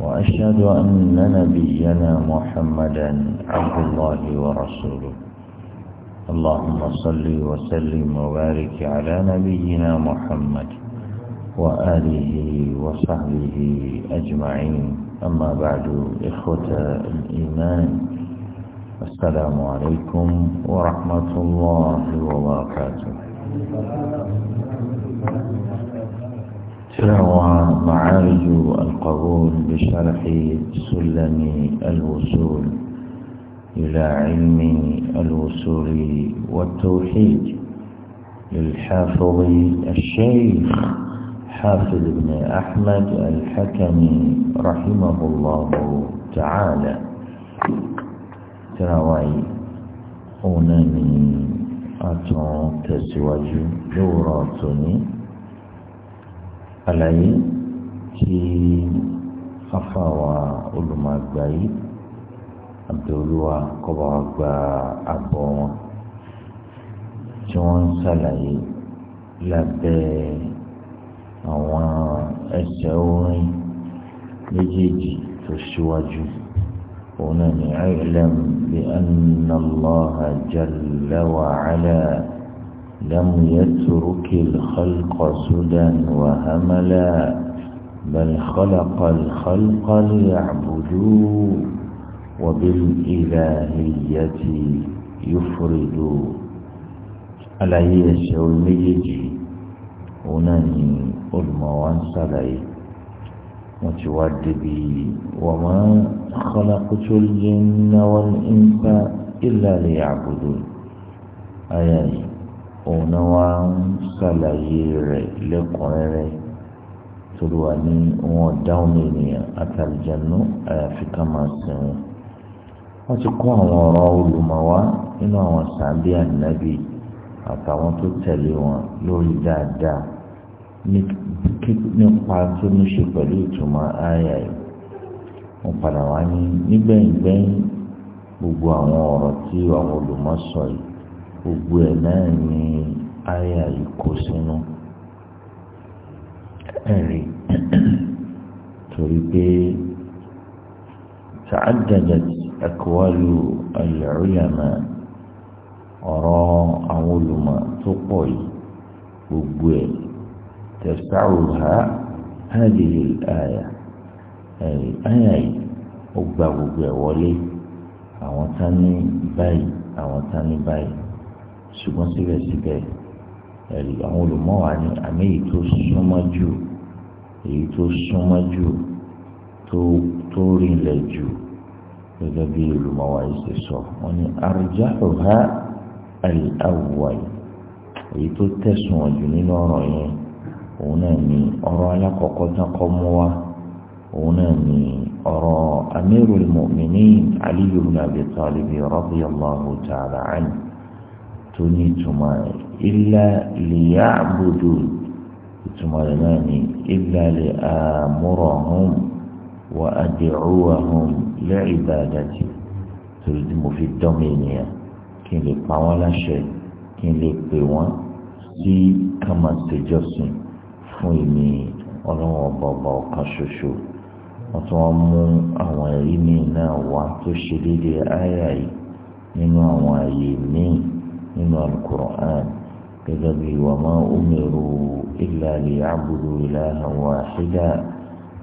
وأشهد أن نبينا محمدا عبد الله ورسوله اللهم صل وسلم وبارك على نبينا محمد وآله وصحبه أجمعين أما بعد إخوة الإيمان السلام عليكم ورحمة الله وبركاته شرع معارج القبول بشرح سلم الوصول إلى علم الوصول والتوحيد للحافظ الشيخ حافظ بن أحمد الحكمي رحمه الله تعالى تراوي أوناني أتون تسواجي دوراتني àlàyé tí afáwa olùmọ̀gbà yìí abdulluwa kọba wa gba àbọ̀ wọn tí wọ́n ń ṣàlàyé lábẹ́ àwọn ẹsẹ̀ orin méjèèjì tó ṣíwájú òun náà ní àìlẹ́m bí anna Allaha jalla لم يترك الخلق سدى وهملا بل خلق الخلق ليعبدوا وبالإلهية يفردوا àlàyé ẹsẹ̀ orí méjèèjì òun náà ni olùmọ̀ wa ń ṣàlàyé wọ́n ti wá débi wa ma khalaqtul jinna wal insa illa liya'budun ayé yìí òun náà wá ń ṣàlàyé rẹ̀ lẹ́kùnrẹ́rẹ́ torí wà ní wọn dáhùn ènìyàn àtàlìjànú àyàfi ká máa sìn wọn. wọ́n ti kó àwọn ọ̀rọ̀ olùmọ̀wá nínú àwọn sàbí ànábì àtàwọn tó tẹ̀lé wọn lórí dáadáa nípa tó ní ṣe pẹ̀lú ìtumọ̀ àyà yìí wọ́n padà wá ní nígbẹ̀yìngbẹ̀yìn gbogbo àwọn ọ̀rọ̀ tí àwọn olùmọ̀ sọ yìí gbogbo ẹ̀ náà ni àyà yìí kó sínú ẹ̀rí torí pé تعددت أقوال العلماء ọ̀rọ̀ àwọn olùmọ̀ tó pọ̀ yìí gbogbo ẹ̀ tẹ̀síàwòrán hádìrì àyà ẹ̀rì àyà yìí ó gba gbogbo ẹ̀ wọlé àwọn tá báyìí àwọn tá báyìí ṣùgbọ́n síbẹ̀síbẹ̀ ẹ̀rí àwọn olùmọ̀wá ni àmì èyí tó súnmọ́ jù èyí tó súnmọ́ jù tó tó rinlẹ̀ jù gẹ́gẹ́ bí olùmọ̀wá yìí ṣe sọ wọ́n ní arjahuha al-awwal èyí tó tẹ̀sùn wọn jù nínú ọ̀rọ̀ yẹn òun náà ni ọ̀rọ̀ alákọ̀ọ́kọ́ tán kọ́ mú wa òun náà ni ọ̀rọ̀ amirul mu'minin Ali ibn Abi Talib radiyallahu ta'ala anhu tó ní ìtumọ̀ rẹ̀ ilá lìyà àbùdù ìtumọ̀ rẹ̀ náà ni ilá lè àmúrọ̀ hùm wà àdìrúwà hùm lẹ́ẹ̀dá àdájì torí tí mo fi dánmọ̀ ènìyàn kí n lè pa wọ́n láṣẹ kí n lè pè wọ́n sí kàmá fún èmi ọlọ́wọ́ bọ̀bọ̀ ọ̀kan ṣoṣo wọ́n tún wọ́n mú àwọn ẹ̀rí míì náà wá tó ṣe déédéé áyà yìí nínú àwọn àyè míì nínú alukur'an gẹ́gẹ́ bí wa ma umiru illa liya'budu ilahan wahida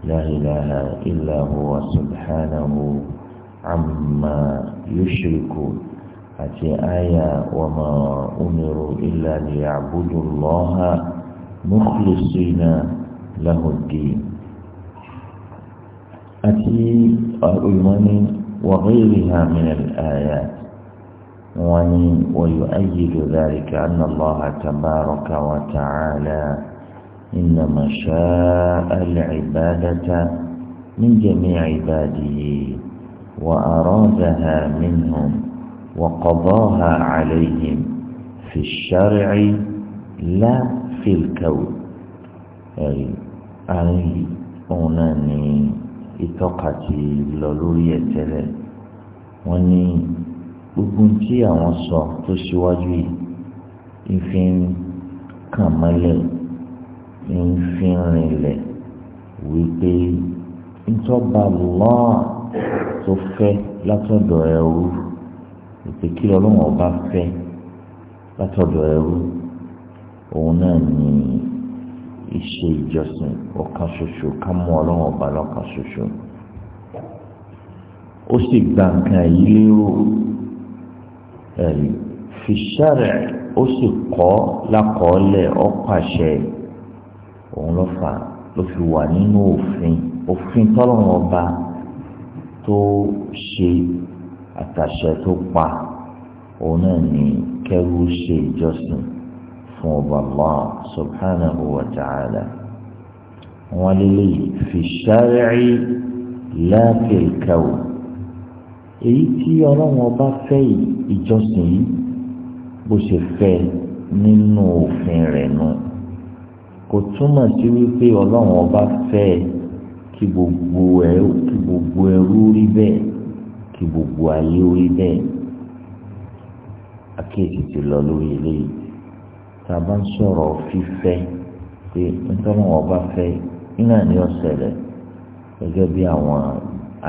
la ilaha illa huwa subhanahu amma yushrikun àti àyà wa ma umiru illa liya'budu allaha mukhlisina lahu ddin àti olùmọ́ni wa ghayriha ayat وني ويؤيد ذلك أن الله تبارك وتعالى إنما شاء العبادة من جميع عباده وأرادها منهم وقضاها عليهم في الشرع لا في الكون أي أي أناني إتقتي لولورية وني gbogbo tí àwọn sọ tó síwájú yìí ìfi ń kàn mọ́lẹ̀ ń fi rinlẹ̀ wípé ntọ́ba lọ́ọ̀ tó fẹ́ látọ̀dọ̀ ẹrú ìpè kí ọlọ́run ọba fẹ́ látọ̀dọ̀ ẹrú òun náà ní iṣẹ́ ìjọsìn ọ̀kan ṣoṣo ká mú ọlọ́run ọba lọ́kan ṣoṣo ó sì gba nǹkan yìí lérò ẹ̀rí fìṣàrẹ̀ ó sì kọ́ lákọọ́lẹ̀ ó pàṣẹ òun ló fà ló fi wà nínú òfin òfin tọ́lọ́run ọba tó ṣe àtàṣẹ tó pa òun náà ní kẹrù ṣe ìjọsìn fún ọba Allah subhanahu wa ta'ala wọn lélẹyìí fìṣàrẹ̀ láàfin kẹwò èyí tí ọlọ́run ọba fẹ́ yìí ìjọsìn yìí bó ṣe fẹ́ nínú òfin rẹ̀ nù kò túmọ̀ sí wípé ọlọ́run ọba fẹ́ kí gbogbo ẹrú kí gbogbo ẹrú rí bẹ́ẹ̀ kí gbogbo ayé rí bẹ́ẹ̀ akéèkì ti lọ lórí eléyìí tá a bá ń sọ̀rọ̀ fífẹ́ pé nítorí wọn bá fẹ́ iná ni ó ṣẹlẹ̀ gẹ́gẹ́ bí àwọn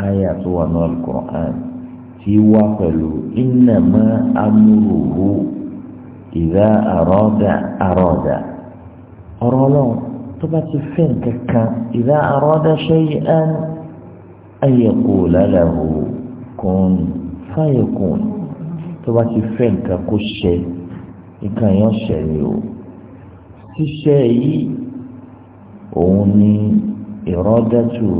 àyà tó wà ní Al-Qur'an tí wá pẹ̀lú innama amruhu idha arada arada ọ̀rọ̀ ọlọ́run tó bá ti fẹ́ nǹkan kan idha arada shay'an an yaqula lahu kun fayakun tó bá ti fẹ́ nǹkan kó ṣe nǹkan yẹn ṣe ni o ṣíṣe yìí òun ni ìrọ́dẹ́tù.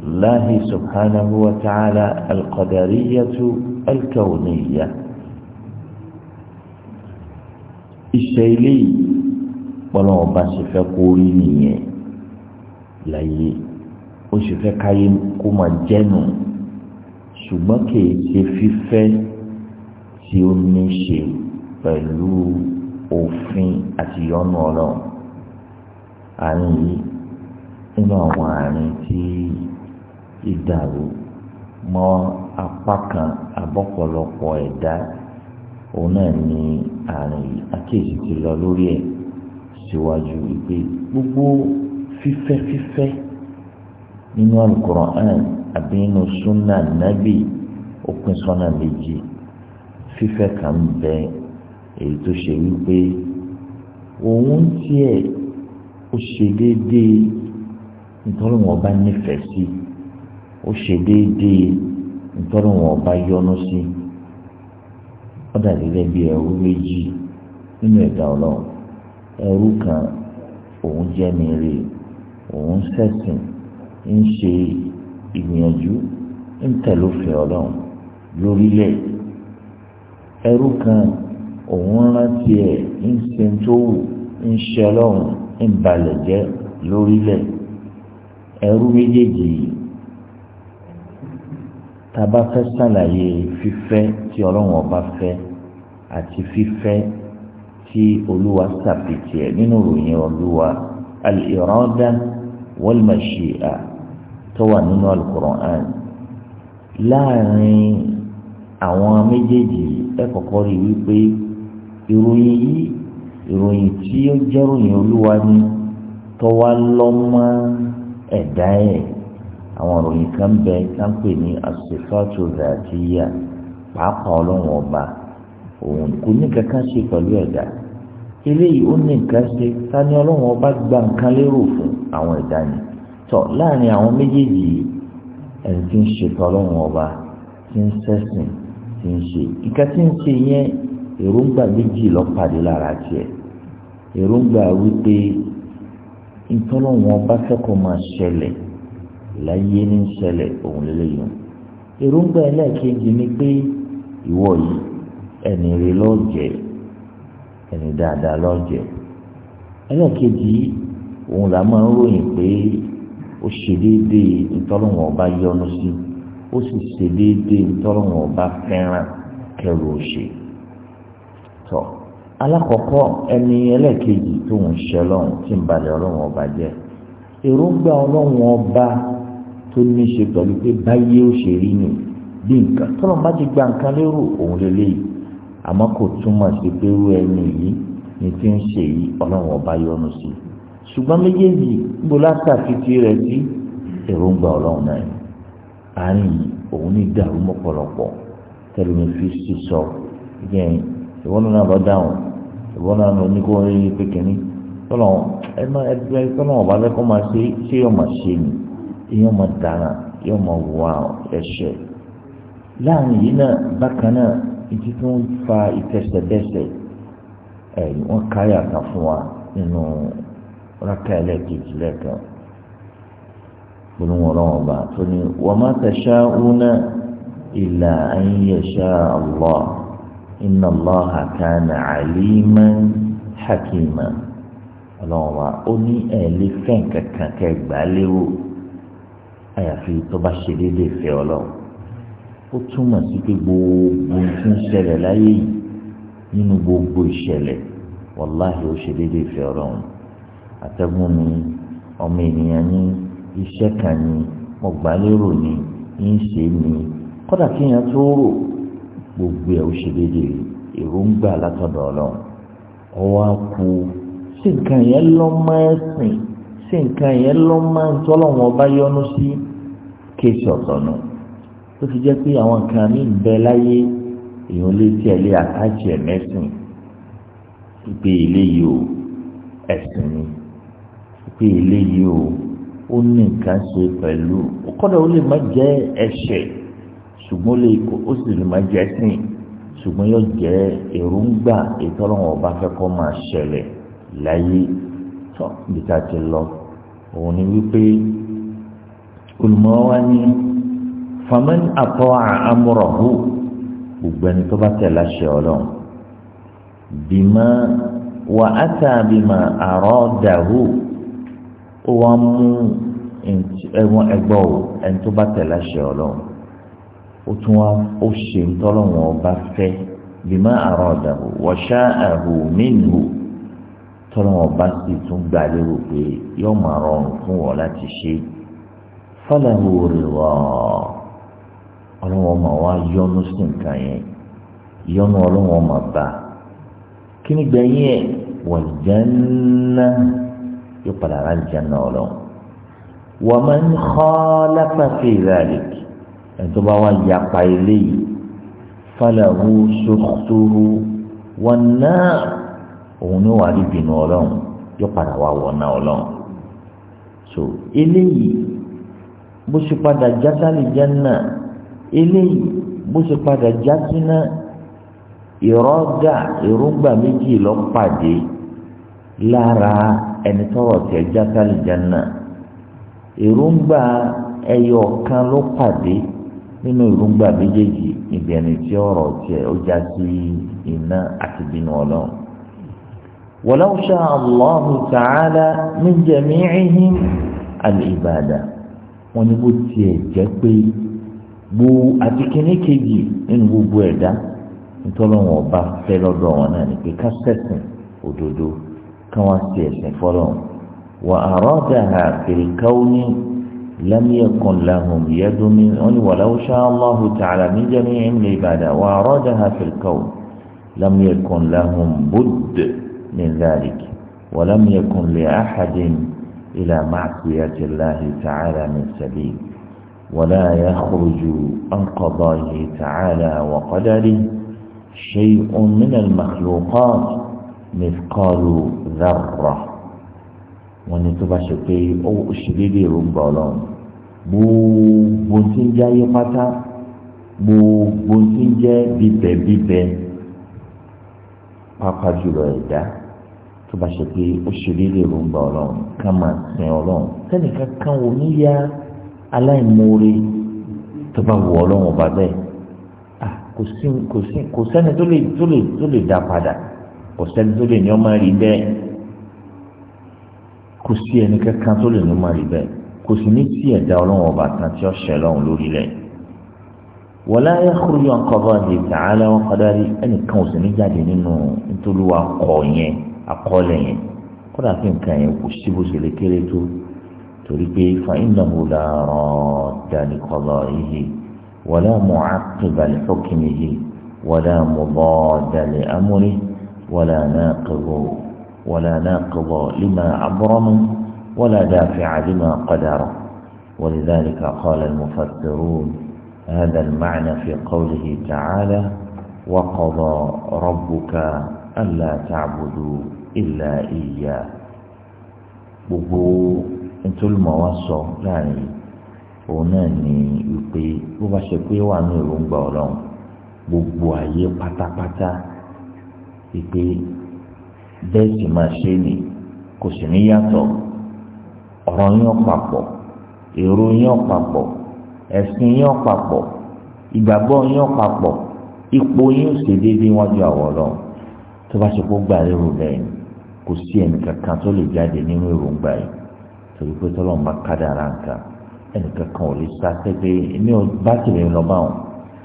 الله سبحانه وتعالى القدرية الكونية الشيلي ولو بس فقوليني لي وشفكاي كما جنو ṣùgbọ́n kìí ṣe fífẹ́ tí ó ní ṣe pẹ̀lú òfin àti yọnu ọlọ́run àárín yìí nínú àwọn àárín tí ìdàrú mọ́ apá kan abọ́pọ̀lọpọ̀ ẹ̀dá òun náà ni àrùn àkíyèsí ti lọ lórí ẹ̀ síwájú wípé gbogbo fífẹ́ fífẹ́ nínú alukur'an àbí nínú sunna nabi òpin sọ́nà méjì fífẹ́ kan bẹ èyí tó ṣe wípé òun tiẹ̀ ó ṣe déédéé nítorí wọn bá nífẹ̀ẹ́ sí ó ṣe déédéé nítorí wọn ọba yọ́nú sí ó dàbí lẹ́bi ẹrú méjì nínú ẹ̀dá ọlọ́run ẹrú kan òun jẹ́ mèrè òun sẹ̀sìn ń ṣe ìgbìyànjú ń tẹ̀lófin ọlọ́run lórílẹ̀ ẹrú kan òun rántí ẹ̀ ń ṣe tó wù ń ṣe ọlọ́run ń balẹ̀ jẹ́ lórílẹ̀ ẹrú méjèèjì yìí tàbá fẹ́ sàlàyé fífẹ́ tí ọlọ́run ọba fẹ́ àti fífẹ́ tí olúwa sàpètì ẹ̀ nínú ìròyìn olúwa al-irada wal-mashi'a tó wà nínú al-Qur'an láàrin àwọn méjèèjì ẹ kọ́kọ́ rí wípé ìròyìn yìí ìròyìn tí ó jẹ́ ìròyìn olúwa ni tó wá lọ́mọ ẹ̀dá ẹ̀ àwọn ìròyìn kan bẹ kan pè ní asèfàtò zàtìyà pàápàá ọlọ́run ọba òun kò ní kankan ṣe pẹ̀lú ẹ̀dá eléyìí ó ní nǹkan ṣe ta ni ọlọ́run ọba gba nǹkan lérò fún àwọn ẹ̀dá ni tọ́ láàrin àwọn méjèèjì ẹni tí ń ṣètò ọlọ́run ọba tí ń sẹ́sìn tí ń ṣe ìka tí ń ṣe yẹn èròǹgbà méjì lọ́pàdé lára tiẹ̀ èròǹgbà wípé ìtọ́lọ́run ọba fẹ́ kó máa ṣẹlẹ̀ láyé ní ṣẹlẹ̀ òun lélẹ́yìn èròǹgbà ẹlẹ́ẹ̀kejì ni pé ìwọ yìí ẹni rí lọ́jẹ̀ ẹni dáadáa lọ́jẹ̀ ẹlẹ́ẹ̀kejì òun là máa ń ròyìn pé ó ṣe déédéé ìtọ́lọ́wọ̀n ọba yọ́nú sí ó sì ṣe déédéé ìtọ́lọ́wọ̀n ọba fẹ́ràn kẹrù òṣè tọ́ alákọ̀ọ́kọ́ ẹni ẹlẹ́ẹ̀kejì tó ń tí ń balẹ̀ ọlọ́wọ̀n ọba jẹ́ èròǹgbà ọlọ́wọ̀n ọba tó ní ṣe pẹ̀lú pé báyé ó ṣe rí ni bí nǹkan tọ́lọ̀ bá ti gba nǹkan lérò òun lélẹ́yìí àmọ́ kò túmọ̀ sí pé irú ẹni yìí ni tí ń ṣe yìí ọlọ́run ọba yọ́nú sí i ṣùgbọ́n méjèèjì gbó látàfitì rẹ̀ sí èròǹgbà ọlọ́run náà ni àárín yìí òun ní dàrú mọ́pọ̀lọpọ̀ tẹ́lẹ̀mí fi sísọ yẹn ìwọ́n náà lọ dáhùn ìwọ́n náà lọ ní kó rí pékinní tọ́lọ̀ ẹ má ẹ tọ́lọ̀ ọba lẹ́kọ́ máa ṣe ṣé yóò máa ṣe ni yóò mọ dara yóò mọ wà ẹ̀ṣẹ̀ láàrin yìí náà bákan náà ìdí tó ń fa ìtẹsẹ̀dẹsẹ̀ ẹ wọn káyà kan fún wa nínú rákà ẹlẹ́ẹ̀kejì lẹ́ẹ̀kan gbólóhùn ọlọ́run ọba tó ní wa ma tasha'una illa an yasha Allah inna Allaha kana aliman hakima ọlọ́run ọba ó ní ẹ̀ẹ́lẹ́fẹ́ kankan kẹgbàá léwu àyàfi tó bá ṣe déédéé ìfẹ́ ọlọ́run ó túmọ̀ sí pé gbogbo tí ń ṣẹlẹ̀ láyé yìí nínú gbogbo ìṣẹ̀lẹ̀ wàláhì ó ṣe déédéé ìfẹ́ ọlọ́run àtẹ̀gùn ni ọmọ ènìyàn ní iṣẹ́ kan ni ọgbàlérò ni ń ṣe ni kódà kéèyàn tó rò gbogbo ẹ̀ ó ṣe déédéé èròǹgbà látọ̀dọ̀ ọlọ́run ọwọ́ á sí nǹkan yẹn lọ́ máa sìn sí nǹkan yẹn lọ́ máa ń tọ́lọ́wọ́n ọba yọ́nú sí. Si kéèsì ọ̀tọ̀ nù tó fi jẹ́ pé àwọn nǹkan mí bẹ láyé èèyàn lè tiẹ̀ lé àtàjì ẹ̀ mẹ́sìn ìpè eléyìí o ẹ̀sìn ni ìpè eléyìí o ó ní nǹkan ṣe pẹ̀lú kọ́dà ó lè má jẹ́ ẹ̀ṣẹ̀ ṣùgbọ́n lè ó sì lè má jẹ́ ẹ̀sìn ṣùgbọ́n yóò jẹ́ èròǹgbà ìtọ́lọ́wọ̀n ọba fẹ́ kọ́ máa ṣẹlẹ̀ láyé tó níta ti lọ òun ni wípé olùmọ̀ wa ní faman àtọ́ àmúrọ̀hù gbogbo ẹni tó bá tẹ̀ láṣẹ ọlọ́run bímọ wà á tà bímọ àrọ́ dàhù ó wá mú ẹ̀wọ̀n ẹgbọ́ ò ẹni tó bá tẹ̀ láṣẹ ọlọ́run ó tún wá ó ṣe ń tọ́lọ́wọ́n ọba fẹ́ bímọ àrọ́ dàhù wọ́ṣá àhù mínú tọ́lọ́wọ́n ọba sì tún gbà lérò pé yọ́ọ́ máa rọrùn fún wọn láti ṣe é fọlá wòrè wọ ọlọ́wọ́n máa wá yọnu sí nǹkan yẹn yọnu ọlọ́wọ́n máa bá kí ni gbẹ̀yìn ẹ̀ wọ́n jẹ́nà yóò padà rà jẹ́nà ọlọ́wọ́n wọ́n máa ń kọ́ lápapẹ̀ ìrẹ̀lẹ̀ ẹ̀tọ́ bá wá yapa eléyìí fọlá wò sọ́kútúrú wọn òun ni wàá rí bínú ọlọ́wọ́n yóò padà wá wọ̀ náà ọlọ́wọ́n so eléyìí bó ṣe padà jásálì jẹ́nà eléyìí bó ṣe padà jásínà ìrọ́gà èròǹgbà méjì lọ́pàdé lára ẹni tọrọ tẹ jásálì jẹ́nà èròǹgbà ẹyọ kan lọ́pàdé nínú èròǹgbà méjèèjì ibi ẹni tí ọ̀rọ̀ tiẹ̀ ó já sí iná àti bínú ọlọ́run. ولو شاء الله تعالى من جميعهم الإبادة wọn ni bó tiẹ̀ jẹ́ pé bó àti kíní kejì nínú gbogbo ẹ̀dá ntọ́lọ́wọ̀n ọba fẹ́ lọ́dọ̀ wọn náà ni pé ká sẹ̀sìn òdodo ká wọ́n ti ẹ̀sìn fọ́lọ́n wà àrọ́dà àfẹ̀ríkáwóní lámìẹ̀kùn làhùn yẹ́dúnmí wọn ni wàlá ọ̀ṣà aláhu tààlà níjẹ́mi ẹ̀mí ìbàdàn wà àrọ́dà àfẹ̀ríkáwó lámìẹ̀kùn làhùn bùd ní zàlìkì wà lè àhàdìn. إلى معصية الله تعالى من سبيل ولا يخرج عن قضائه تعالى وقدره شيء من المخلوقات مثقال ذرة ونتبشكي أو أشريدي رمبالون gbogbo tí ń jẹ́ ayé pátá gbogbo tí ń jẹ́ bíbẹ tó bá ṣe pé ó ṣe léde èròǹgbà ọlọ́run ká máa sin ọlọ́run sẹ́nìkan kan wò ní ya aláìmoore tó bá wù ọlọ́run ọba bẹ́ẹ̀ kò sẹ́ni tó lè tó lè tó lè dá padà kò sẹ́ni tó lè ní ọmọ rí bẹ́ẹ̀ kò sí ẹni kankan tó lè ní ọmọ rí bẹ́ẹ̀ kò sì ní tí ẹ̀dá ọlọ́run ọba kan tí ó ṣẹ̀ lọ́run lórí rẹ̀ wọlé ayé kúrò yọ̀ ń kọ́ bá ọ̀dẹ̀ wọn kọ́ dárí ẹnìkan ò sì ní jáde nínú nítorí wa kọ̀ yẹn àkọọ́lẹ̀ yẹn kódà kí nǹkan yẹn kò sí bó ṣe lè kéré tó torí pé fàyínàmù làárọ̀ dáníkọlọ yìí wàlá mu àkìbalẹ̀ fọ́kìnì yìí wàlá mu bọ́ dalẹ̀ amúrí wàlá náà kẹwọ́ wàlá náà kẹwọ́ lima abúrọ́mù wàlá dàfẹ́ àdìmọ̀ kọ́dàrọ̀ ولذلك قال المفسرون هذا المعنى في قوله تعالى وقضى ربك ألا تعبدوا ìlà ìyá gbogbo ntòlùmọ̀ wa sọ láàrin òun náà ní wípé bó bá ṣe pé wà ní èròǹgbà ọlọ́run gbogbo ayé pátápátá wípé bẹ́ẹ̀ sì máa ṣe ni kò sì ní yàtọ̀ ọ̀rọ̀ yín ọ̀pàpọ̀ èrò yín ọ̀pàpọ̀ ẹ̀sìn yín ọ̀pàpọ̀ ìgbàgbọ́ yín ọ̀pàpọ̀ ipò yín ò wájú àwọn ọlọ́run tó bá ṣe kó gbà bẹ́ẹ̀ ni kò sí ẹnìkankan tó lè jáde nínú èròǹgbà yìí torí pé tọ́lọ́run bá kádàrá nǹkan ẹnìkankan ò lè sá pépé ní bátìrì lọ́ba wọn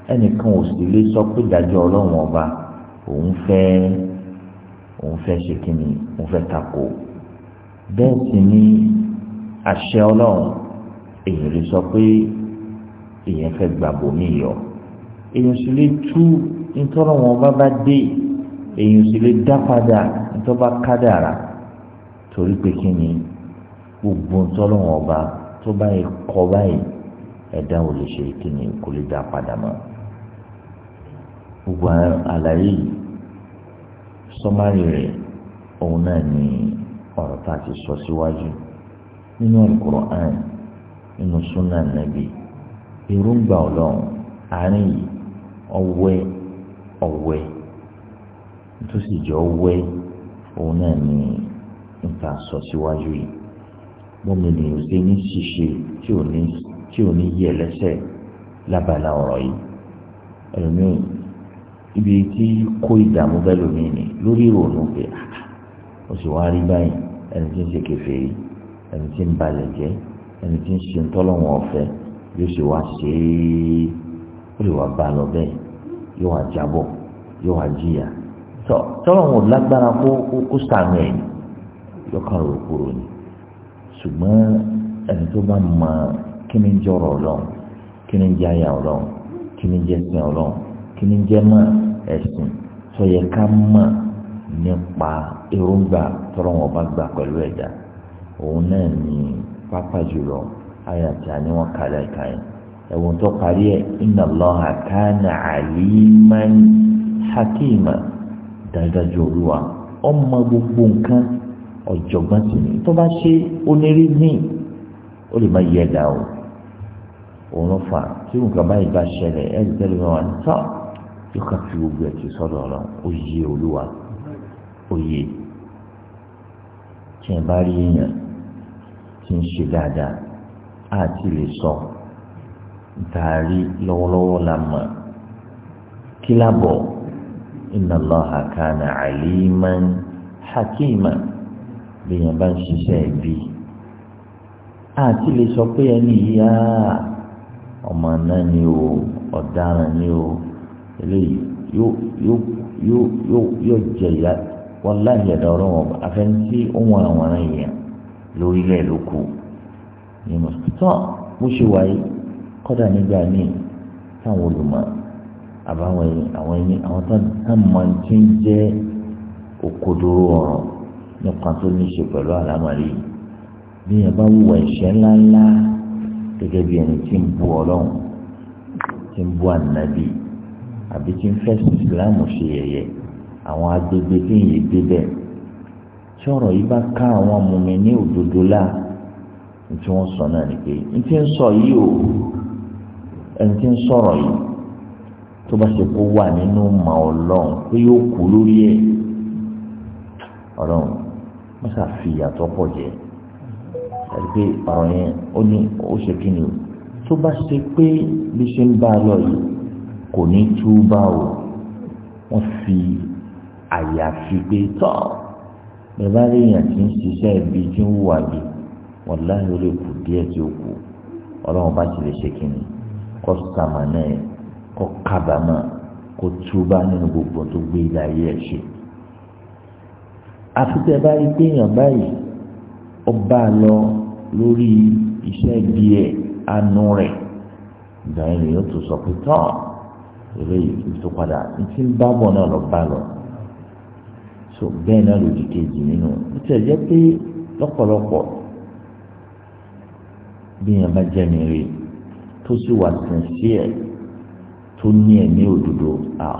ẹnìkan ò sì lè sọ pé ìdájọ́ ọlọ́run ọba òun fẹ́ òun fẹ́ ṣe kí ni òun fẹ́ tako bẹ́ẹ̀ sì ni àṣẹ ọlọ́run èèyàn lè sọ pé èèyàn fẹ́ gbàgbọ́ mi yọ èèyàn sì lè tú nítorí wọn bá bá dé èyí sì lè dá padà tó bá kádàrà torí pé kí ni gbogbo ntọ́lọ́wọ́n ọba tó báyìí kọ báyìí ẹ̀dá ò lè ṣe kí ni kò lè dá padà mọ́ gbogbo àlàyé sọmárì òun náà ni ọ̀rọ̀ tá a ti sọ síwájú nínú Al-Qur'an nínú súnà nàbì èròǹgbà ọlọ́run àárín yìí tó sì jọ wẹ́ òun náà ni nǹkan sọ síwájú yìí bọ́mi ni ò ṣe ní ṣíṣe tí ò ní yẹ lẹ́sẹ̀ lábala ọ̀rọ̀ yìí ẹlòmíràn ibi tí kó ìdààmú bẹ́ẹ̀ ni lórí ìrònú pé ó ah, sì wá rí báyìí ẹni tí ń ṣe kèfèrí ẹni tí ń balẹ̀ jẹ́ ẹni tí ń ṣe ń ọ̀fẹ́ yóò ṣe wá ṣe é ó lè wá bá a lọ bẹ́ẹ̀ yóò wá jábọ̀ yóò wá jìyà tọ tọrọ wọn ò lágbára kó kó sàmì ẹ yọkàn rò kúrò ni ṣùgbọ́n ẹni tó bá mọ kí ni jọrọ Ọlọ́run kí ni jẹ àyà Ọlọ́run kí ni jẹ sìn Ọlọ́run kí ni jẹ mọ ẹsìn tó yẹ ká mọ nípa èròǹgbà tọrọ wọn bá gbà pẹ̀lú ẹ̀dá òun náà ní pápá jùlọ ayàtì àníwọn kàlẹ kàyìn ẹwọn tó parí ẹ inna Allaha kana aliman hakima dájúdájú olúwa ọmọ gbogbo nǹkan ọ̀jọ̀gbọ́n sì ni tó bá ṣe onírìíní ó lè má yẹ ẹ̀dá o òun fà tí nǹkan báyìí bá ṣẹlẹ̀ ẹ̀rí tẹ́lẹ̀ wọn ni tọ́ yóò ká fi gbogbo ẹ̀ ti sọ́dọ̀ ọ̀rọ̀ òye olúwa òye tí ẹ bá rí èèyàn tí ń ṣe dáadáa àti lè sọ ntaari lọ́wọ́lọ́wọ́ la mọ̀ kí lábọ̀ inna Allaha kana aliman hakima bíyàn bá ń ṣiṣẹ́ ibi àti lè sọ pé ẹni yíyá ọmọ náà ni o ọ̀daràn ni o eléyìí yóò jẹ ìyá wọn láyé ẹ̀dá ọ̀rọ̀ wọn afẹ́ntí ohun àwọn èèyàn lórílẹ̀ ló kù ní mọ̀sítọ́ bó ṣe wáyé kọ́dà nígbà míì táwọn olùmọ̀ àbáwọn ẹ̀yìn àwọn ẹ̀yìn àwọn tán máa ń tún jẹ́ òkodoro ọ̀rọ̀ nípa tó ní ṣe pẹ̀lú àlámọ̀rí bí yẹn bá wùwà ẹ̀ṣẹ̀ ńláńlá gẹ́gẹ́ bí ẹni tí ń bu ọlọ́run tí ń bu ànábì àbí tí ń fẹ́sùn ìsìláàmù ṣe yẹ̀yẹ́ àwọn agbègbè tí yìí débẹ̀ tí ọ̀rọ̀ yìí bá ká àwọn mùmí ní òdodo là ní tí wọ́n sọ náà ni ní tí ń sọ yìí o ẹni tí ń sọ̀rọ̀ yìí tó bá ṣe kó wà nínú ma ọlọ́run pé yóò kú lórí ẹ̀ ọlọ́run wọ́n ṣàfi ìyàtọ̀ pọ̀ jẹ́ àti pé ọ̀rọ̀ yẹn ó ní ó ṣe kí ni o tó bá ṣe pé bí ṣe ń bá a lọ yìí kò ní túbà o wọ́n fi àyàfi pé tọ́ bẹ́ẹ̀ bá rí èèyàn tí ń ṣiṣẹ́ ibi tí ń wà bí wọ́n láyé lè kù díẹ̀ tí ó kù ọlọ́run bá ti lè ṣe kí ni kọ́sítàmà náà kó kábàámà kó túbá nínú gbogbo tó gbé ilé ayé ẹ̀ ṣe. àfitẹ́ báyìí gbéyàn báyìí ó bá a lọ lórí iṣẹ́ bíi ẹ̀ anú rẹ̀ ìgbà yẹn ni yóò tún sọ pé tán eléyìí tó padà ti ń bá bọ̀ náà lọ bá lọ so bẹ́ẹ̀ náà lòdì kejì nínú ó tẹ̀ jẹ́ pé lọ́pọ̀lọpọ̀ bí bá jẹ́ mi rí tó sì wà sincere tó ní ẹ̀mí òdodo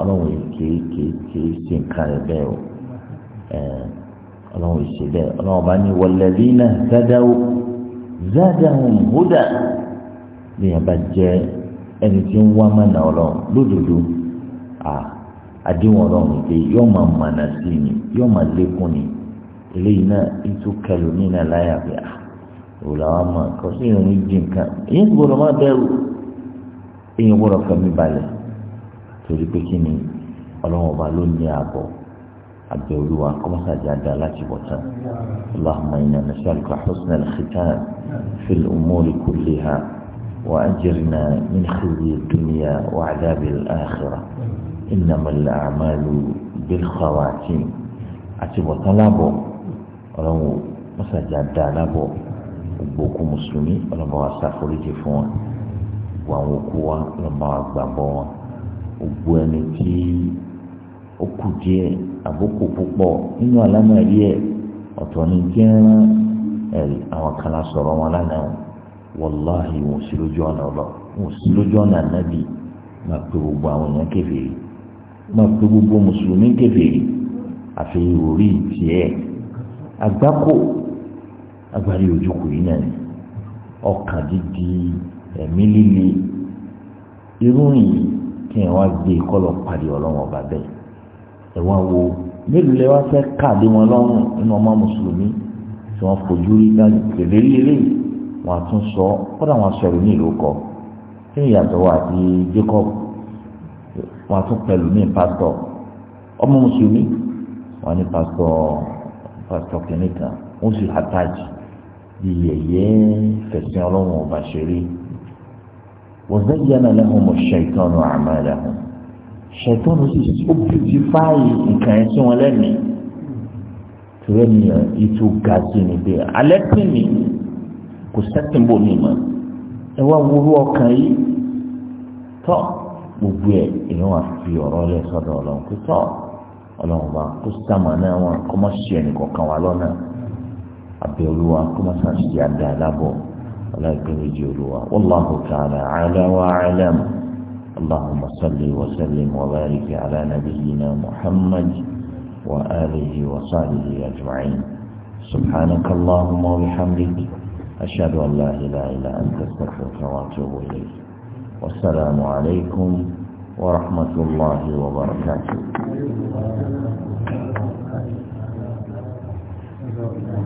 ọlọ́run kéékèèké ṣe nǹkan rẹ̀ bẹ́ẹ̀ o ọlọ́run ṣe ọlọ́run bá ní walladhina tadaw zadahum huda lèèyàn bá jẹ́ ẹni tí ń wá mọ̀nà ọlọ́run lódodo àdéhùn ọlọ́run pé yóò máa mọ̀nà sí ni yóò máa lékún ni eléyìí náà ètò kẹlòmínà láyà bíà òlàwà máa kọ́ sí ìrìn jìn kan èyí gbọ́dọ̀ má èyí gbọ́dọ̀ balẹ̀. torí pé kí ni ọlọ́wọ́n ọba ló ní ààbọ̀ àbẹ̀ olúwa kọ́mọ́sàdì àdá láti bọ̀ tán allahumma inna nas'aluka husna al-khitam fi al-umuri kulliha wa ajirna min khizyi dunya wa adabi al-akhirah innama al-a'malu bil-khawatim àti bọ̀ tán lábọ̀ ọlọ́wọ́n kọ́mọ́sàdì àdá lábọ̀ gbogbo mùsùlùmí ọlọ́mọ wa ṣàforíjì fún wọn gbogbo àwọn òkú wa ọlọ́mọ wa gbàgbọ́ wọn. òbu ẹni tí oku-die díẹ̀ àbókù inu alama àlámà yẹ ọ̀tọ̀ ní jẹ́rán ẹ̀rí àwọn kan la sọ̀rọ̀ wọn lánàá wàláhì wọn sí lójú ọ̀nà ọlọ wọn pe gbogbo àwọn èèyàn kèfèrí máa pe gbogbo mùsùlùmí kèfèrí àfi orí ìtìẹ kí ẹ wá gbé kọlọ parí ọlọ́run ọba bẹ́ẹ̀ ẹ wá wo mélòó lẹ wá fẹ́ káàdé wọn lọ́rùn nínú ọmọ mùsùlùmí tí wọ́n fojú rí dájú pèlè líle wọn àtún sọ kódà wọn sọ̀rọ̀ ní ìlú kọ kí ni ìyàtọ̀ wà àti Jacob wọn àtún pẹ̀lú ní pásítọ̀ ọmọ mùsùlùmí wọn ní pásítọ̀ pásítọ̀ kìnìkan wọn sì hàtàjì bí yẹ̀yẹ́ fẹ̀sìn ọlọ́run ọba ṣe وزين لهم الشيطان أعمالهم الشيطان أبتفاي كان يسوى لني تريني يتو قاتيني بي على كني كستن بوني ما ẹwà wúrú ọkàn yìí tọ gbogbo ẹ èèyàn wà fi ọ̀rọ̀ lẹ sọ́dọ̀ Ọlọ́run kò tọ Ọlọ́run bá kó sàmà náà wọn kọ má ṣe ẹnì kọkàn wà lọ́nà àbẹ olúwa kó má ṣàṣìyà dáadáa bọ. ولكن يجيبوا والله تعالى على وأعلم اللهم صل وسلم وبارك على نبينا محمد وآله وصحبه أجمعين سبحانك اللهم وبحمدك أشهد أن لا إله إلا أنت استغفرك وأتوب إليك والسلام عليكم ورحمة الله وبركاته